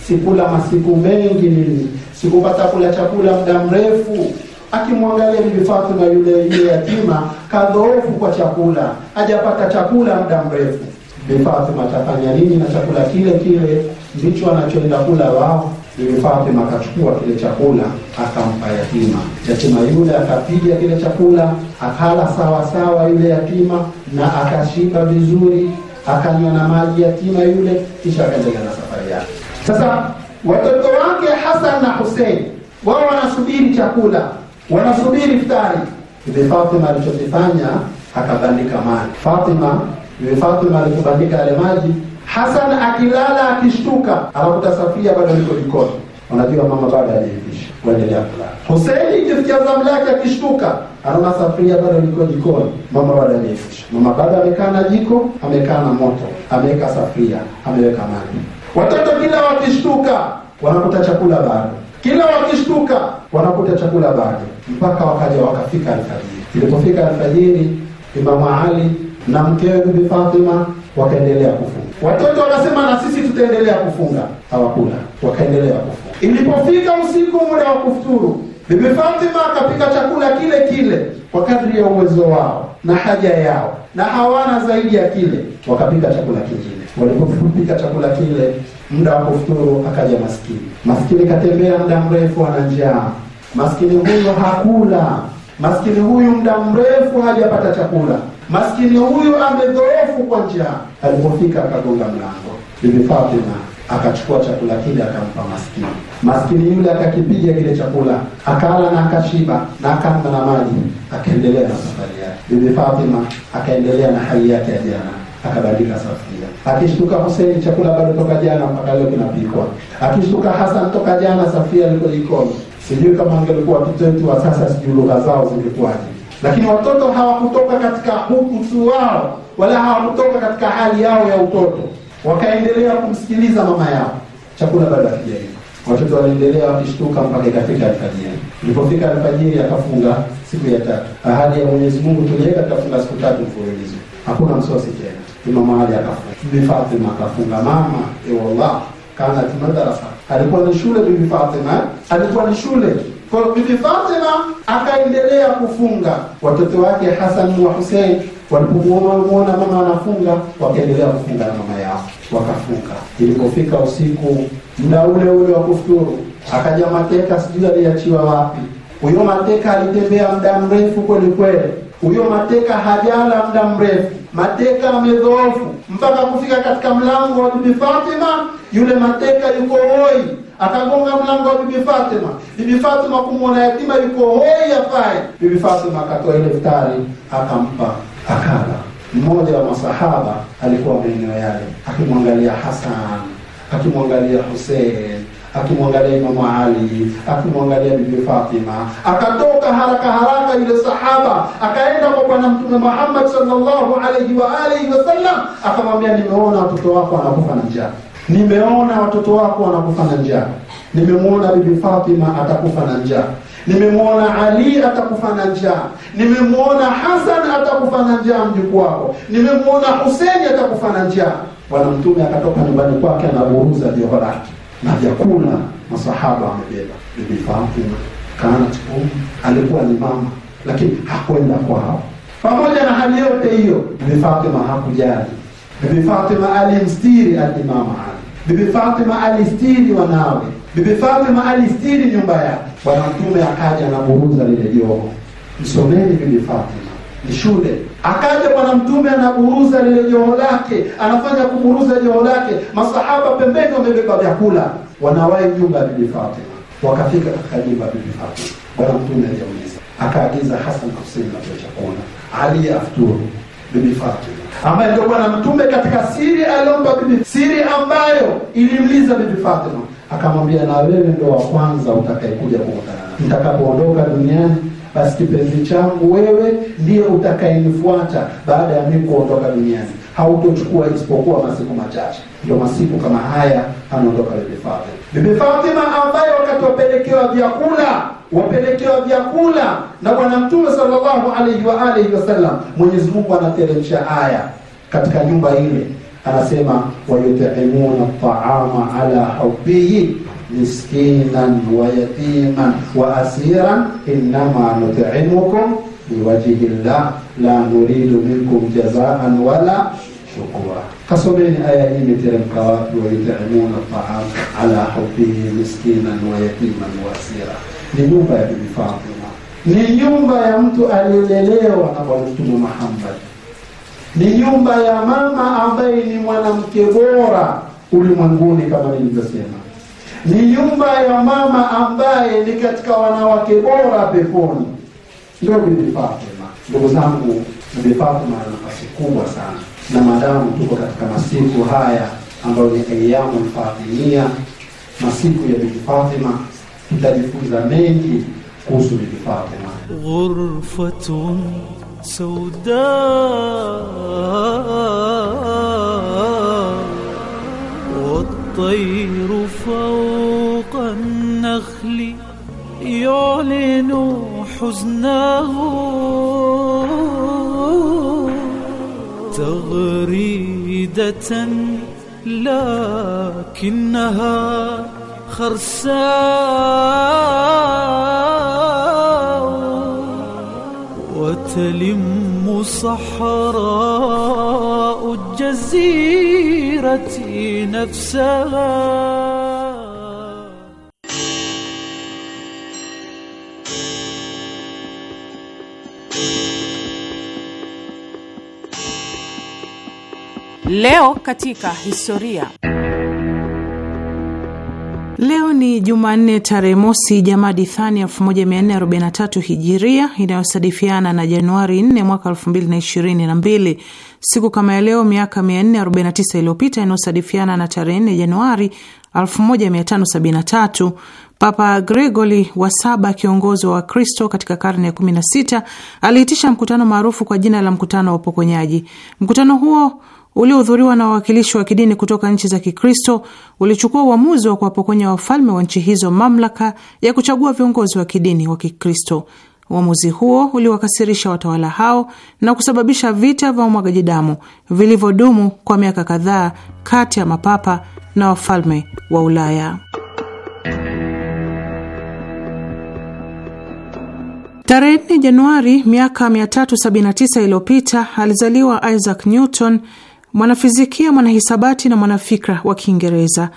sikula masiku mengi, nili sikupata kula chakula muda mrefu akimwangalia Bibi Fatima yule yule yatima kadhoofu kwa chakula, hajapata chakula muda mrefu. Bibi Fatima atafanya nini na chakula kile kile? Ndicho anachoenda kula wao. Bibi Fatima akachukua kile chakula akampa yatima. Yatima yule akapiga kile chakula akala sawa sawa yule yatima, na akashiba vizuri, akanywa na maji yatima yule, kisha akaendelea na safari yake. Sasa watoto wake Hasan na Hussein wao wanasubiri chakula wanasubiri iftari. Bibi Fatima alichokifanya akabandika maji. Fatima, Bibi Fatima alipobandika yale maji, Hasan akilala akishtuka, anakuta Safia bado liko jikoni. Unajua mama bado hajaivisha, kuendelea kulala. Huseini ikifikia zamu akishtuka, anaona sufuria bado liko jikoni, mama bado hajaivisha. Mama bado amekaa na jiko, amekaa na moto, ameweka sufuria, ameweka maji. Watoto kila wakishtuka, wanakuta chakula bado kila wakishtuka wanakuta chakula bado, mpaka wakaja wakafika alfajiri. Ilipofika alfajiri, Imamu Ali na mkewe Bibi Fatima wakaendelea kufunga. Watoto wanasema na sisi tutaendelea kufunga, hawakula, wakaendelea kufunga. Ilipofika usiku, muda wa kufuturu, Bibi Fatima akapika chakula kile kile kwa kadri ya uwezo wao na haja yao, na hawana zaidi ya kile, wakapika chakula kingine. Walipopika chakula kile muda wa kufuturu akaja maskini. Maskini katembea muda mrefu, ana njaa. Maskini huyo hakula. Maskini huyu muda mrefu hajapata chakula. Maskini huyu amedhoofu kwa njaa. Alipofika akagonga mlango, Bibi Fatima akachukua chakula kile akampa maskini. Maskini yule akakipiga kile chakula, akala na akashiba na akanywa na maji, akaendelea na safari yake. Bibi Fatima akaendelea na hali yake ya jana akabadilika sufuria. Akishtuka Hussein, chakula bado toka jana mpaka leo kinapikwa. Akishtuka Hassan, toka jana sufuria liko jikoni. Sijui kama angelikuwa watoto wetu wa sasa, sijui lugha zao zingekuwaje, lakini watoto hawakutoka katika utu wao wala hawakutoka katika hali yao ya utoto, wakaendelea kumsikiliza mama yao. Chakula bado hakijaiva watoto waliendelea wakishtuka mpaka ikafika alfajiri. Ilipofika alfajiri, akafunga siku ya tatu. Ahadi ya Mwenyezi Mungu tuliweka, tutafunga siku tatu mfululizo, hakuna msosi tena. Imam Ali akafunga, Bibi Fatima akafunga, mama ewallah eh, kana madrasa, alikuwa ni shule Bibi Fatima, eh? alikuwa ni shule kwa Bibi Fatima akaendelea kufunga. Watoto wake Hasan wa Hussein walipomwona mama anafunga, wakaendelea kufunga na mama yao, wakafunga. Ilipofika usiku, muda ule ule wa kufuturu, akaja mateka, sijui aliachiwa wapi. Huyo mateka alitembea muda mrefu kweli kweli, huyo mateka hajala muda mrefu mateka amedhoofu mpaka kufika katika mlango wa Bibi Fatima. Yule mateka yuko hoi, akagonga mlango wa Bibi Fatima. Bibi Fatima kumwona yatima yuko hoi afaye, Bibi Fatima akatoa ile ftari akampa, akala. Mmoja wa masahaba alikuwa maeneo yale akimwangalia Hasan, akimwangalia Husein akimwangalia Imamu Ali, akimwangalia Bibi Fatima. Akatoka haraka haraka yule sahaba, akaenda kwa Bwana Mtume Muhammad sallallahu alaihi wa alihi wasallam, akamwambia, nimeona watoto wako wanakufa na njaa, nimeona watoto wako wanakufa na njaa, nimemwona Bibi Fatima atakufa na njaa nimemwona Ali atakufa na njaa, nimemwona Hasan atakufa na njaa, mjukuu wako, nimemwona Huseni atakufa na njaa. Bwana Mtume akatoka nyumbani kwake anaburuza joho lake na vyakula masahaba wamebeba. Bibi Fatima kanat um, alikuwa ni mama, lakini hakwenda kwao. Pamoja na hali yote hiyo, Bibi Fatima hakujali. Bibi Fatima alimstiri alimama Ali. Bibi Fatima alistiri wanawe. Bibi Fatima alistiri nyumba yake. Bwana Mtume akaja buruza lile joho, msomeni Bibi Fatima ni shule. Akaja Bwana Mtume anaburuza lile joho lake, anafanya kuburuza joho lake, masahaba pembeni wamebeba vyakula, wanawai nyumba Bibi Fatima, wakafika katika nyumba Bibi Fatima. Bwana Mtume aliuliza, akaagiza Hasan Husein na chakula, Ali afturu Bibi Fatima ambaye ndio Bwana Mtume katika siri aliomba bibi, siri ambayo ilimliza Bibi Fatima, akamwambia na wewe ndio wa kwanza utakayekuja kukutana nami nitakapoondoka duniani basi kipenzi changu wewe ndiye utakayenifuata baada ya mimi kuondoka duniani, hautochukua isipokuwa masiku machache. Ndio masiku kama haya anaondoka bibi Fatima, bibi Fatima ambaye wakati wapelekewa vyakula wapelekewa vyakula na Bwana Mtume sallallahu alaihi wa alihi wasallam, Mwenyezi Mungu anateremsha aya katika nyumba ile, anasema wayutimuna taama ala hubbihi مسكينا ويتيما وأسيرا إنما نطعمكم لوجه الله لا نريد منكم جزاء ولا شكورا قصرين آية, إيه مثل القواب ويطعمون الطعام على حبه مسكينا ويتيما وأسيرا لنوبة بن فاطمة ni nyumba ya mtu aliyelelewa na kwa Mtume Muhammad, ni nyumba ya mama ambaye ni mwanamke bora ulimwenguni, kama nilivyosema. ni nyumba ya mama ambaye ni katika wanawake bora peponi, ndio Bibi Fatima. Ndugu zangu, Bibi Fatima ana nafasi kubwa sana, na madamu tuko katika masiku haya ambayo ni yangu Fatimia, masiku ya Bibi Fatima, tutajifunza mengi kuhusu Bibi Fatima. ghurfatun sauda الطير فوق النخل يعلن حزنه تغريدة لكنها خرساء وتلم الأم الصحراء الجزيرة نفسها Leo katika historia. ni Jumanne tarehe mosi Jamadi Thani 1443 Hijiria, inayosadifiana na Januari 4 mwaka 2022. Siku kama ya leo miaka 449 iliyopita, inayosadifiana na tarehe 4 Januari 1573 Papa Gregory wa saba, kiongozi wa Wakristo katika karne ya 16, aliitisha mkutano maarufu kwa jina la mkutano wa upokonyaji. Mkutano huo uliohudhuriwa na wawakilishi wa kidini kutoka nchi za Kikristo ulichukua uamuzi wa kuwapokonya wafalme wa nchi hizo mamlaka ya kuchagua viongozi wa kidini wa Kikristo. Uamuzi huo uliwakasirisha watawala hao na kusababisha vita vya umwagaji damu vilivyodumu kwa miaka kadhaa kati ya mapapa na wafalme wa Ulaya. Tarehe 4 Januari miaka 379 iliyopita alizaliwa Isaac Newton, mwanafizikia, mwanahisabati na mwanafikra wa Kiingereza.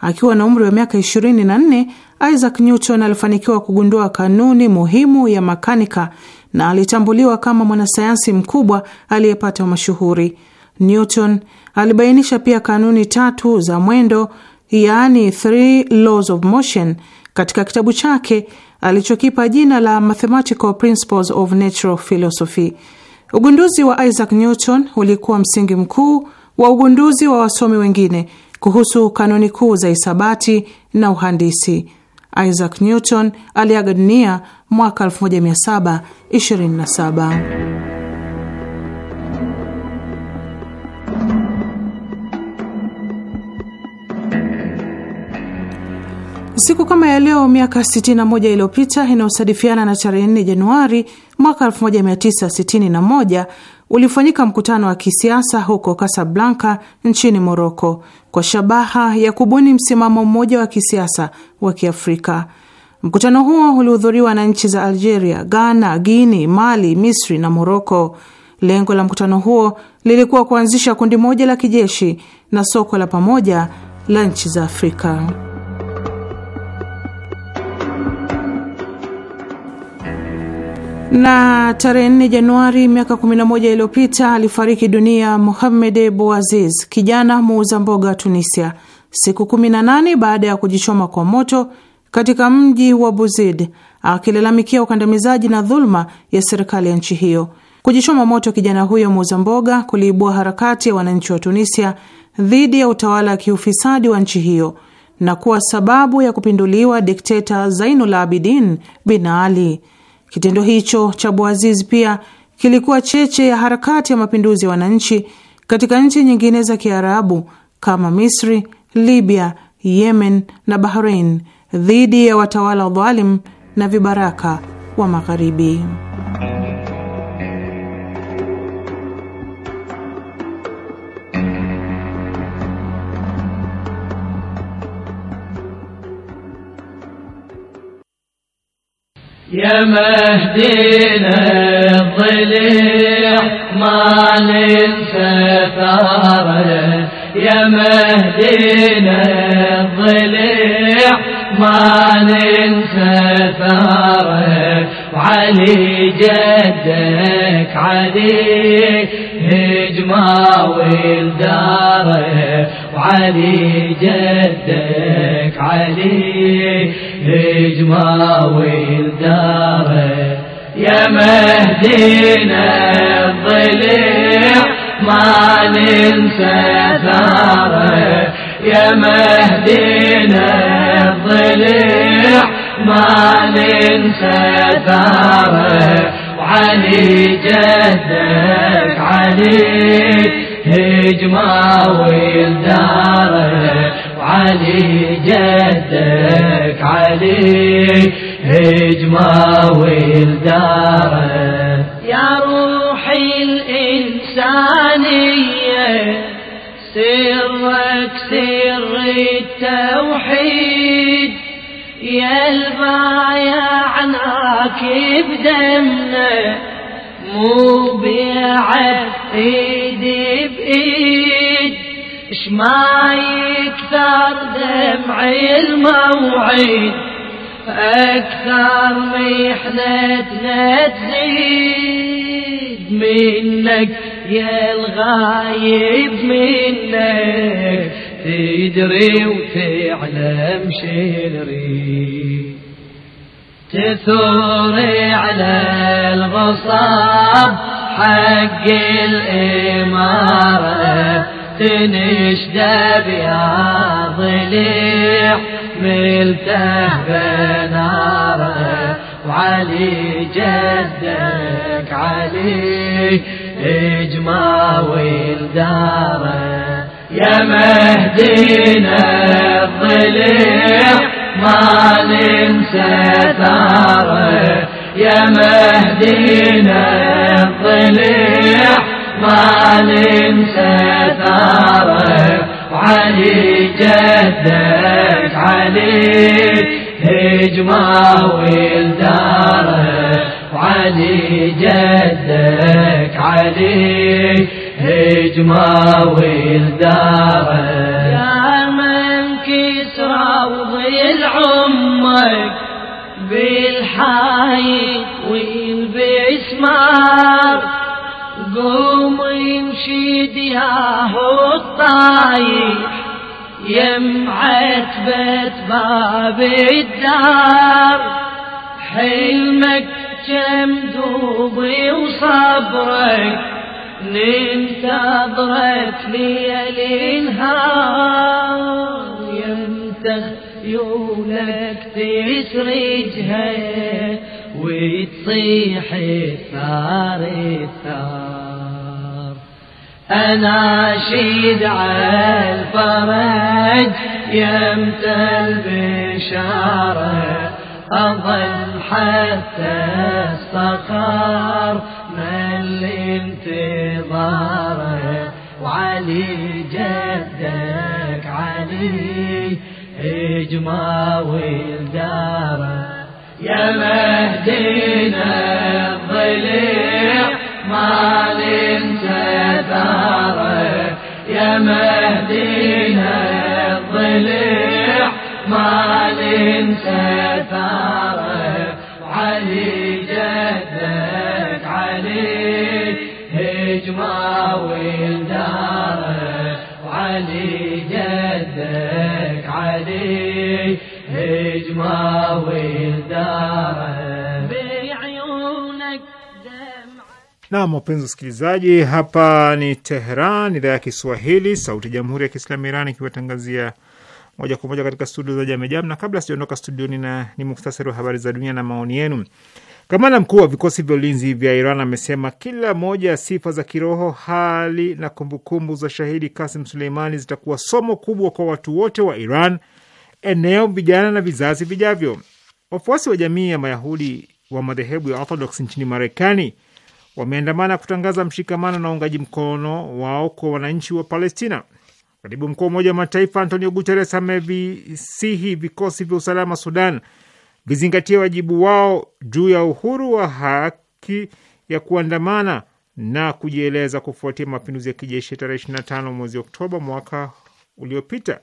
Akiwa na umri wa miaka 24, Isaac Newton alifanikiwa kugundua kanuni muhimu ya makanika na alitambuliwa kama mwanasayansi mkubwa aliyepata mashuhuri. Newton alibainisha pia kanuni tatu za mwendo, yaani three laws of motion, katika kitabu chake alichokipa jina la Mathematical Principles of Natural Philosophy. Ugunduzi wa Isaac Newton ulikuwa msingi mkuu wa ugunduzi wa wasomi wengine kuhusu kanuni kuu za hisabati na uhandisi. Isaac Newton aliaga dunia mwaka 1727. Siku kama ya leo miaka 61 iliyopita inayosadifiana na tarehe 4 Januari mwaka 1961 ulifanyika mkutano wa kisiasa huko Casablanca nchini Moroko kwa shabaha ya kubuni msimamo mmoja wa kisiasa wa Kiafrika. Mkutano huo ulihudhuriwa na nchi za Algeria, Ghana, Guinea, Mali, Misri na Moroko. Lengo la mkutano huo lilikuwa kuanzisha kundi moja la kijeshi na soko la pamoja la nchi za Afrika. Na tarehe 4 Januari miaka 11 iliyopita alifariki dunia muhammed Bouaziz, kijana muuza mboga Tunisia, siku 18 baada ya kujichoma kwa moto katika mji wa Buzid akilalamikia ukandamizaji na dhuluma ya serikali ya nchi hiyo. Kujichoma moto kijana huyo muuza mboga kuliibua harakati ya wananchi wa Tunisia dhidi ya utawala wa kiufisadi wa nchi hiyo na kuwa sababu ya kupinduliwa dikteta Zainul Abidin Bin Ali. Kitendo hicho cha Bouazizi pia kilikuwa cheche ya harakati ya mapinduzi ya wananchi katika nchi nyingine za Kiarabu kama Misri, Libya, Yemen na Bahrain dhidi ya watawala dhalim na vibaraka wa Magharibi. يا مهدينا الضليع ما ننسى ثاره يا مهدينا الضليع ما ننسى ثاره وعلي جدك علي ما ولداره وعلي جدك علي هجما ولداره يا مهدينا الضليع ما ننسى ثاره يا مهدينا الضليع ما ننسى ثاره علي جدك علي هجمة ولداره علي جدك علي هجمة ولداره يا روحي الإنسانية سرك سر التوحيد يا البايع عناك بدمنا مو بيعت ايدي بايد اش ما يكثر دمع الموعد اكثر محنتنا تزيد منك يا الغايب منك تدري وتعلم شي نريد تثوري على الغصاب حق الإمارة تنشد بيا ضليع ملته بناره وعلي جدك علي اجمع والداره يا مهدينا الضليع ما ننسى يا مهدينا ما ننسى ثارك وعلي جدك علي هجمة ولدارك وعلي جدك علي هجمة ولدارك يا من كسرى وضي عمك بالحق قوم يمشي دياه الطايح يم عتبة باب الدار حلمك كم دوبي وصبرك ننتظرك ليل نهار يمتخ يولك تسرجها وتصيح الثار الثار أنا شيد على الفرج يمتل بشارة أظل حتى استقر من الانتظار وعلي جدك علي اجمع والدار يا مهدينا الضليع مالي مهدينا الضليع ما ننسى ثاره علي جدك علي هجمة ولداره علي جدك علي هجمة ولداره Naam, wapenzi wasikilizaji, hapa ni Tehran, idhaa ya Kiswahili, sauti ya jamhuri ya kiislamu Iran ikiwatangazia moja kwa moja katika studio za Jamejam. Na kabla sijaondoka studioni, na ni muktasari wa habari za dunia na maoni yenu. Kamanda mkuu wa vikosi vya ulinzi vya Iran amesema kila moja ya sifa za kiroho, hali na kumbukumbu za shahidi Kasim Suleimani zitakuwa somo kubwa kwa watu wote wa Iran, eneo, vijana na vizazi vijavyo. Wafuasi wa jamii ya Mayahudi wa madhehebu ya Orthodox nchini Marekani wameandamana kutangaza mshikamano na uungaji mkono wao kwa wananchi wa Palestina. Katibu mkuu wa Umoja wa Mataifa Antonio Guterres amevisihi vikosi vya usalama Sudan vizingatie wajibu wao juu ya uhuru wa haki ya kuandamana na kujieleza kufuatia mapinduzi ya kijeshi tarehe 25 mwezi Oktoba mwaka uliopita.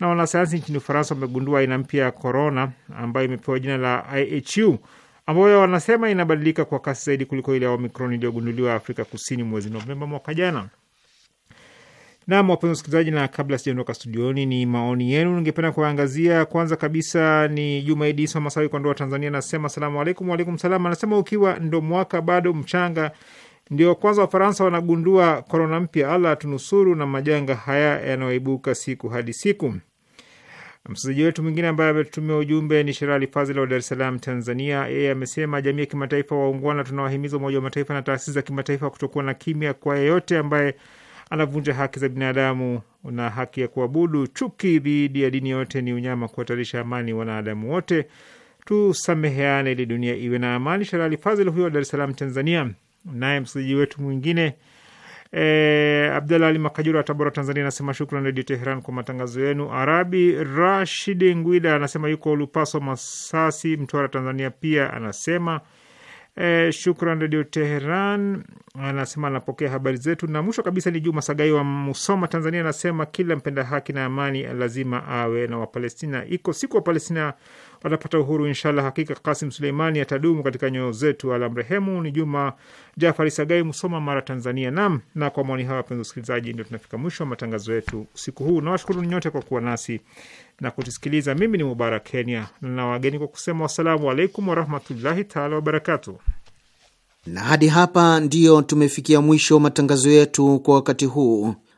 Na wanasayansi nchini Ufaransa wamegundua aina mpya ya korona ambayo imepewa jina la IHU ambayo wanasema inabadilika kwa kasi zaidi kuliko ile ya Omicron iliyogunduliwa Afrika Kusini mwezi Novemba mwaka jana. Nam, wapenzi wasikilizaji, na kabla sijaondoka studioni, ni maoni yenu ningependa kuangazia. Kwanza kabisa ni Juma Jumaidi Isa Masawi kwa ndoa Tanzania, anasema salamu alaikum. Waalaikum salam. Anasema ukiwa ndo mwaka bado mchanga, ndio kwanza Wafaransa wanagundua korona mpya. Allah tunusuru na majanga haya yanayoibuka siku hadi siku. Msikilizaji wetu mwingine ambaye ametumia ujumbe ni Sherali Fazil wa Dar es Salaam, Tanzania. Yeye amesema jamii ya kimataifa waungwana, tunawahimiza Umoja wa Mataifa na taasisi za kimataifa kutokuwa na kimya kwa yeyote ambaye anavunja haki za binadamu na haki ya kuabudu. Chuki dhidi ya dini yote ni unyama, kuhatarisha amani wanadamu wote. Tusameheane ili dunia iwe na amani. Sherali Fazil huyo wa Dar es Salaam, Tanzania. Naye msikilizaji wetu mwingine E, Abdalla Ali Makajura wa Tabora, Tanzania anasema shukran Redio Teheran kwa matangazo yenu. Arabi Rashid Ngwida anasema yuko Lupaso, Masasi, Mtwara, Tanzania pia anasema e, shukran Redio Teheran, anasema anapokea habari zetu. Na mwisho kabisa ni Juma Sagai wa Musoma, Tanzania anasema kila mpenda haki na amani lazima awe na Wapalestina. Iko siku Wapalestina watapata uhuru inshallah. Hakika Kasim Suleimani atadumu katika nyoyo zetu, alamrehemu. Ni Juma Jafari Sagai, Musoma, Mara, Tanzania. Nam na kwa maoni hayo, wapenzi wasikilizaji, ndio tunafika mwisho wa matangazo yetu usiku huu. nawashukuru nyote kwa kuwa nasi na kutusikiliza. Mimi ni Mubarak Kenya na wageni kwa kusema wassalamu alaikum warahmatullahi taala wabarakatu. Na hadi hapa ndiyo tumefikia mwisho matangazo yetu kwa wakati huu.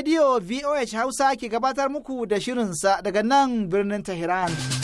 radio voh hausa ke gabatar muku da shirinsa daga nan birnin tehran.